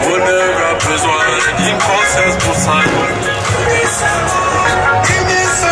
Vous n'aurez besoin d'une conscience pour ça. unissez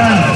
ndeysaan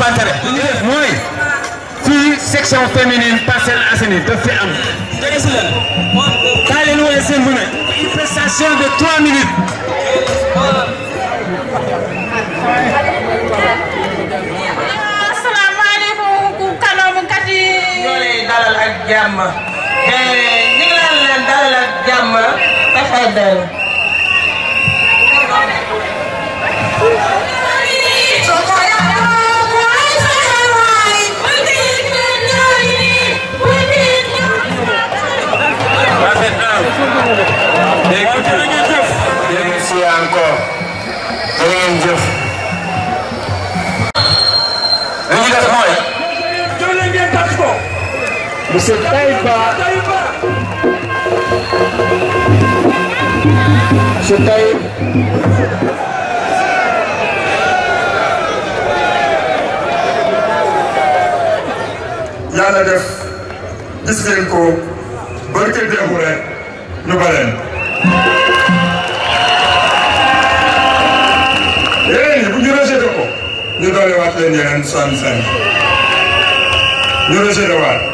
Bantare mooy fii section féminine Parcelles Assainies daf fi am. kaa leen wooye seen bu ne une prestation de trois minutes. asalaamaaleykum kanamukat yi. ñoo lay dalal ak jàmm te ñu ngi leen leen dalal ak jàmm taxadal. Monsieur Taïba. Monsieur Taïb. yàlla def gis ngeen ko barke démb rek ñu baleen. yéen ñi bu ñu rejeté ko ñu doole waat leen yeneen soixante cinq ñu rejeté waat.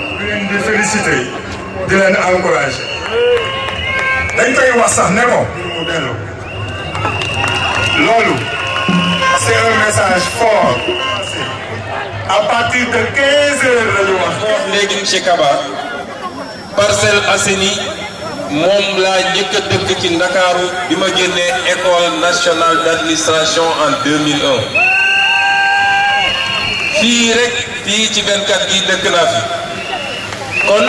di félicité di leen dañ koy wax sax ne ko mu dellu loolu c'est message fort à partir de 15 wax wax léegi ci Kaba Parcelles Assainies moom laa njëkk dëkk ci Ndakaaru bi ma génnee école nationale d'administration en 2001 fii rek fii ci 24 gi dëkk naa fi kon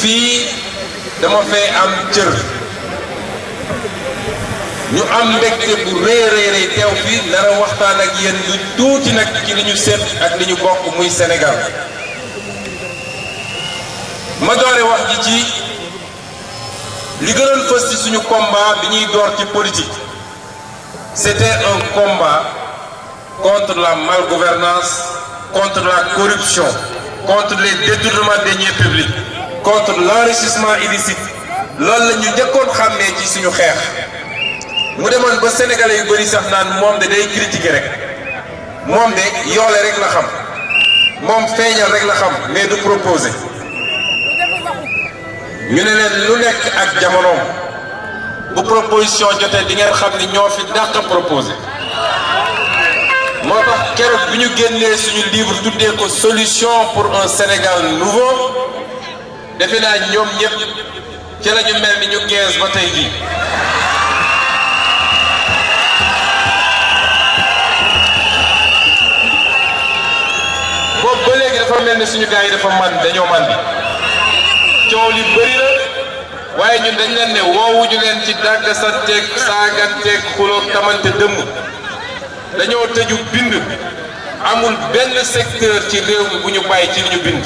fii dama fee am cër ñu am mbégte bu rëy rëy rëy teew fii nar waxtaan ak yéen lu tuuti nag ci li ñu seet ak li ñu bokk muy Sénégal ma doore wax ji ci li gënoon fës ci suñu combat bi ñuy door ci politique c'était un combat contre la malgouvernance contre la corruption contre les détournements des deniers publics contre l'enrichissement illicite loolu la ñu njëkkoon xàmmee ci suñu xeex mu demoon ba sénégalais yu bëri sax naan moom de day critiquer rek moom de yoole rek la xam moom feeñal rek la xam mais du proposé ñu ne leen lu nekk ak jamonoom bu proposition jotee di ngeen xam ni ñoo fi dàq proposé moo tax keroog bi ñu génnee suñu livre tuddee ko solution pour un Sénégal nouveau defe naa ñoom ñëpp ci la ñu mel ni ñu gees ba tey gi boobu ba léegi dafa mel ni suñu gars yi dafa man dañoo man coow li bëri na waaye ñun dañ leen ne woowu ñu leen ci dàgg santeeg saaganteeg xuloo tamante dëmm. dañoo tëju bind amul benn secteur ci réew mi bu ñu bàyyi ci li ñu bind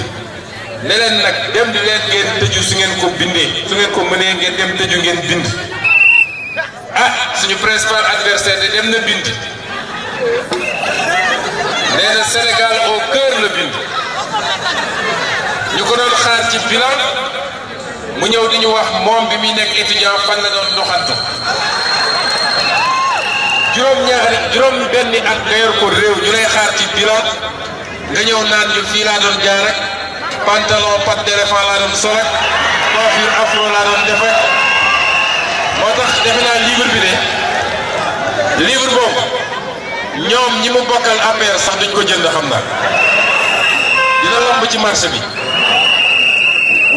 ne nag dem di leen ngeen tëju su ngeen ko bindee su ngeen ko mënee ngeen dem tëju ngeen bind ah suñu principal adversaire de dem na bind nee na Sénégal au la bind ñu ko doon xaar ci bilan mu ñëw di ñu wax moom bi muy nekk étudiant fan la doon doxantu juróom-ñaari juróom-benni at nga yor ko réew ñu lay xaar ci bilan nga ñëw naan ñu fii laa doon jaar ak pantalon pat de refant laa doon afro laa doon def ak moo tax defe naa livre bi de livre boobu ñoom ñi mu bokkal APR sax duñ ko jënd xam naa dina lamb ci marché bi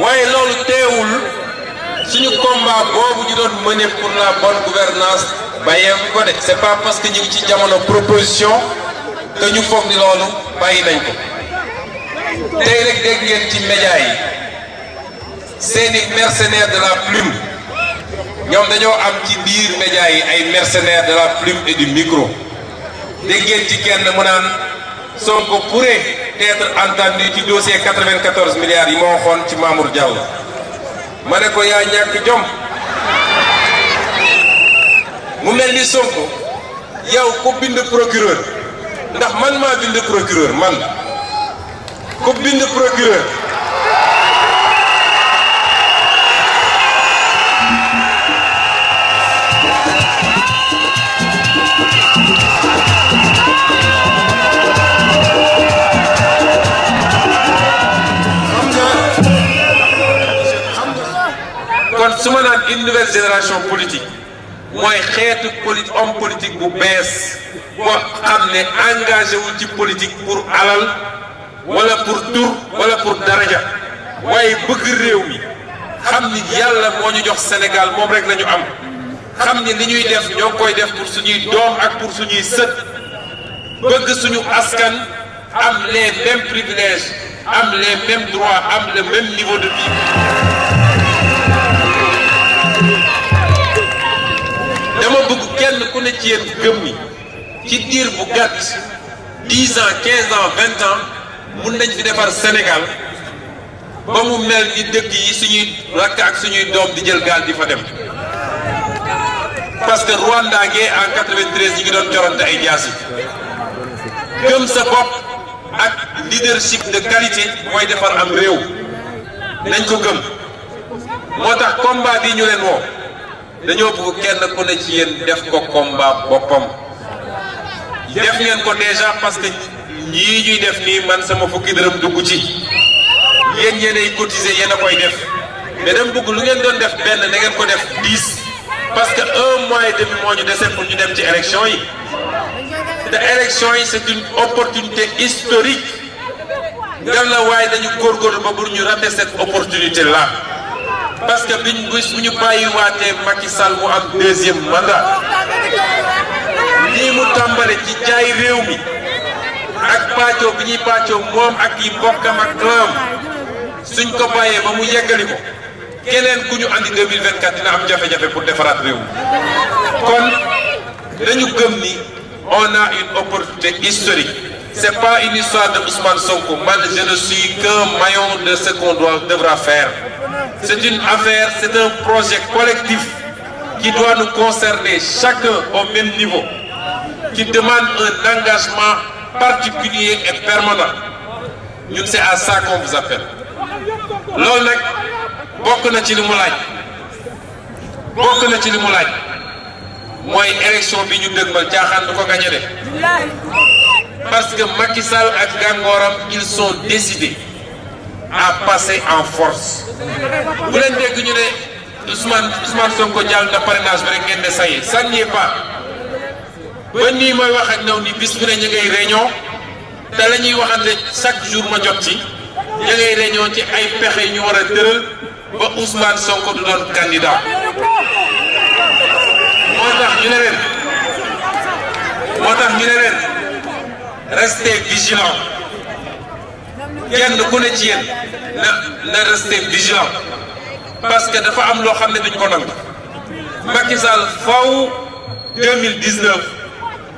waaye loolu teewul suñu combat boobu ñu doon mëne pour la bonne gouvernance bàyyeeku ko de c'est pas parce ci jamono proposition te ñu foog ni loolu bàyyi nañ ko tey rek dégg ci média yi seeni mercenaires de la plume ñoom dañoo am ci biir média yi ay mercenaires de la plume et du micro dégg ngeen ci kenn mu naan Sonko pourrait être entendu ci dossier 94 milliards yi moo waxoon ci Mamour Diallo ma ne ko yaa ñàkk jom mu mel ni Sonko yow ku bind procureur ndax man maa bind procureur man ku bind procureur kon su ma naan une nouvelle mooy xeetu poli homme politique bu bees boo xam ne engagé ci politique pour alal wala pour tur wala pour daraja waaye bëgg réew mi xam ni yàlla moo ñu jox Sénégal moom rek lañu ñu am xam ni li ñuy def ñoo ngi koy def pour suñuy doom ak pour suñuy sët bëgg suñu askan am les mêmes privilèges am les mêmes droits am le même niveau de dama bëgg kenn ku ne ci yéen gëm ni ci diir bu gàtt dix ans quinze ans vingt ans mun defar Sénégal ba mu mel ni dëkk yi suñuy rakk ak suñuy doom di jël gaal di fa dem parce que Rwanda ngee en 93 ñi ngi doon joronte ay jaas yi gëm sa bopp ak leadership de qualité mooy defar am réew nañ ko gëm moo tax combat bi ñu leen woo dañoo bëgg kenn ku ne ci yéen def ko combat boppam def ngeen ko déjà parce que ñii ñuy def nii man sama fukki dërëm dugg ci yéen yéenay cotiser yéen a koy def mais dama bëgg lu ngeen doon def benn na ngeen ko def dix parce que un mois et demi moo ñu dese pour ñu dem ci élection yi te élection yi c'est une opportunité historique nga la waaye dañu góorgóorlu ba pour ñu rater cette opportunité là parce que biñ bu ñu bàyyiwaatee Macky Sall mu am deuxième mandat lii mu tàmbale ci jaay réew mi ak pàccoo bi ñuy pàccoo moom ak yi mbokkam ak clam suñ ko bàyyee ba mu yeggali ko keneen ku ñu andi 2024 dina am jafe-jafe pour defaraat réew mi kon dañu gëm ni on a une opportunité historique. c'est pas une histoire de Ousmane Sonko man je ne suis qu'un de ce qu'on doit devra faire C'est une affaire, c'est un projet collectif qui doit nous concerner chacun au niveau, qui demande un engagement particulier et permanent. Nous, c'est à ça qu'on vous appelle. loolu nag bokk na ci li mu laaj bokk na ci li mu laaj mooy élection bi ñu dëgmal caaxaan du ko gañe de parce que Macky Sall ak gàngooram ils a passé en force bu leen dégg ñu ne Ousmane Ousmane Sonko jàll na parrainage bi rek ngeen ne ça y est ça n'y est pas ba nii mooy wax ak ñoom ni bis bu ne ñu ngay te la ñuy waxante chaque jour ma jot ci ñu ngay ci ay pexe ñu war a tëral ba Ousmane Sonko du doon candidat moo tax ñu ne leen moo tax ñu ne leen restez vigilants kenn ku ne ci yéen na na rester vigilant parce dafa am loo xam ne duñ ko nangu Macky Sall faw 2019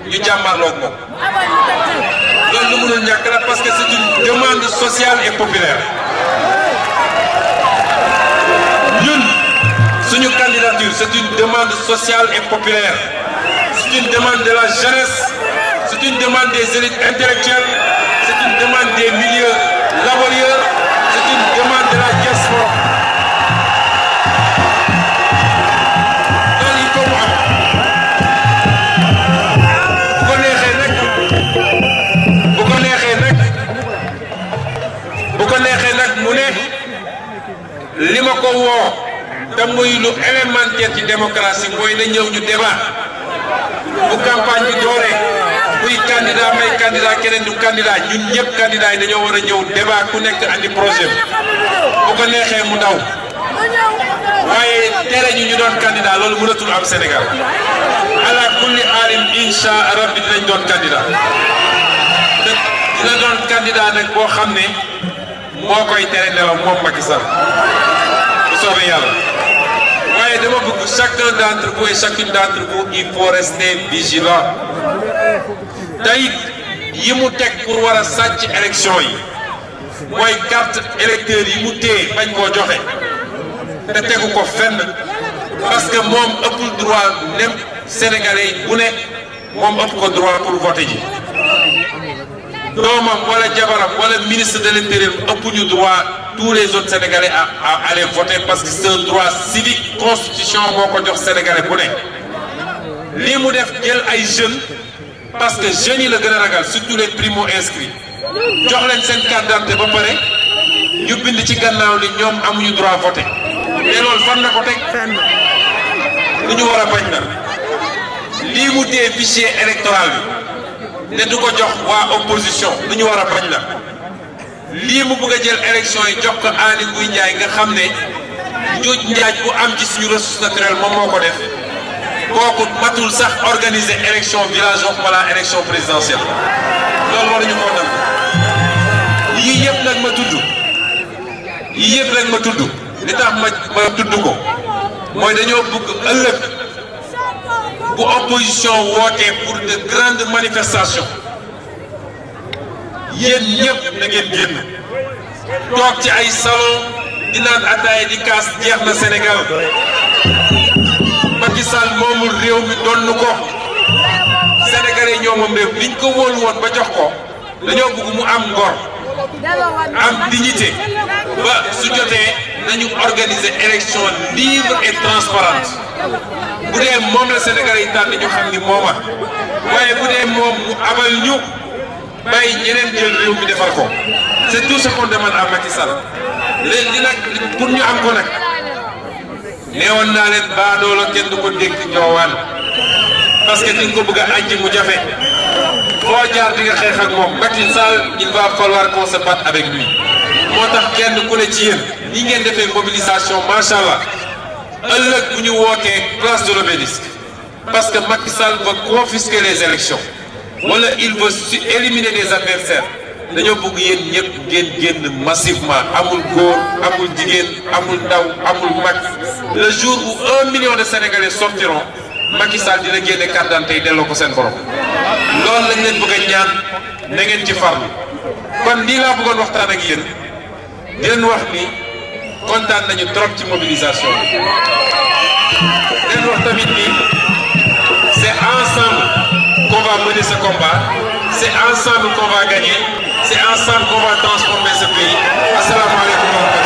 ñu jàmmarloog moom loolu lu mënul ñàkk la parce que c'est une demande sociale et populaire ñun suñu candidature c'est une demande sociale et populaire c'est une demande de la jeunesse c'est une demande des élites intellectuelles c'est une demande des milieux woo te muy lu élémentaire ci démocratie mooy na ñëw ñu débat bu campagne bi dooree kuy candidat may candidat keneen du candidat ñun ñëpp candidat yi dañoo war a ñëw débat ku nekk andi projet bu ko neexee mu ndaw waaye tere ñu ñu doon candidat loolu mënatul am Sénégal ala kulli alim insha rabbi dinañ doon candidat te dina doon candidat nag boo xam ne moo koy tere nelaw moom Macky soobee yàlla waaye dama bëgg chacun d'entre vous et chacune d'entre vous il faut rester vigilant tey yi mu teg pour war a sàcc élection yi mooy carte électeur yi mu téye bañ koo joxe te tegu ko fenn parce que moom ëppul droit nem sénégalais bu ne moom ëpp ko droit pour voter ji doomam wala jabaram wala ministre de l'intérieur ëpp ñu droit tous les autres Sénégalais à, à aller parce que c'est un droit civique constitution moo ko jox Sénégalais bu ne lii mu def jël ay jeunes parce que jeunes yi la gën a ragal surtout les primo inscrits jox leen seen carte d'identité ba pare ñu bind ci gannaaw li ñoom amuñu droit voter te loolu fan na ko teg lu ñu war a bañ na lii mu téye fichier électoral bi ne du ko jox waa opposition lu ñu war a bañ na lii mu bëgg a jël élection yi jox ko Aly Ngouille Ndiaye nga xam ne njuuj njaaj bu am ci suñu ressource naturelle moom moo ko def kooku matul sax organiser élection village wax wala élection présidentielle loolu waruñu koo nangu yii yëpp nag ma tudd yii yëpp nag ma tudd li tax ma ma tudd ko mooy dañoo bëgg ëllëg bu opposition wootee pour de grandes manifestations yéen ñëpp na ngeen génn toog ci ay salon di naan ataay di kaas jeex na Sénégal Macky Sall moomul réew mi donn ko Sénégalais ñoo moom réew niñ ko wóolu woon ba jox ko dañoo bëgg mu am ngor am dignité ba su jotee nañu organiser élection libre et transparente bu dee moom la Sénégalais yi tànn ñu xam ni mooma waaye bu dee moom mu abal ñu bàyyi ñeneen jël réew bi defar ko c' est tout ce qu'on demande à Macky Sall léegi nag pour ñu am ko nag neewoon naa leen baadoola kenn du ko dégg njoowaan parce que ni ko bëgg a àjji mu jafe foo jaar di nga xeex ak moom Macky Sall il va falloir qu'on se batte avec lui moo tax kenn ku ne ci yéen ñi ngeen defee mobilisation macha allah ëllëg bu ñu wootee place de l'Obélisque parce que Macky Sall va les élections wala il veut éliminer les adversaires dañoo bëgg yéen ñëpp ngeen génn massivement amul góor amul jigéen amul ndaw amul mag le bu où un million de sénégalais sortiront Macky Sall dina génne carte d'identité delloo ko seen borom loolu lañ leen bëgg a ñaan na ngeen ci farlu kon lii laa bëggoon waxtaan ak yéen di wax ni kontaan nañu trop ci mobilisation bi leen wax tamit ni. va mener ce combat. C'est ensemble qu'on va gagner. C'est ensemble qu'on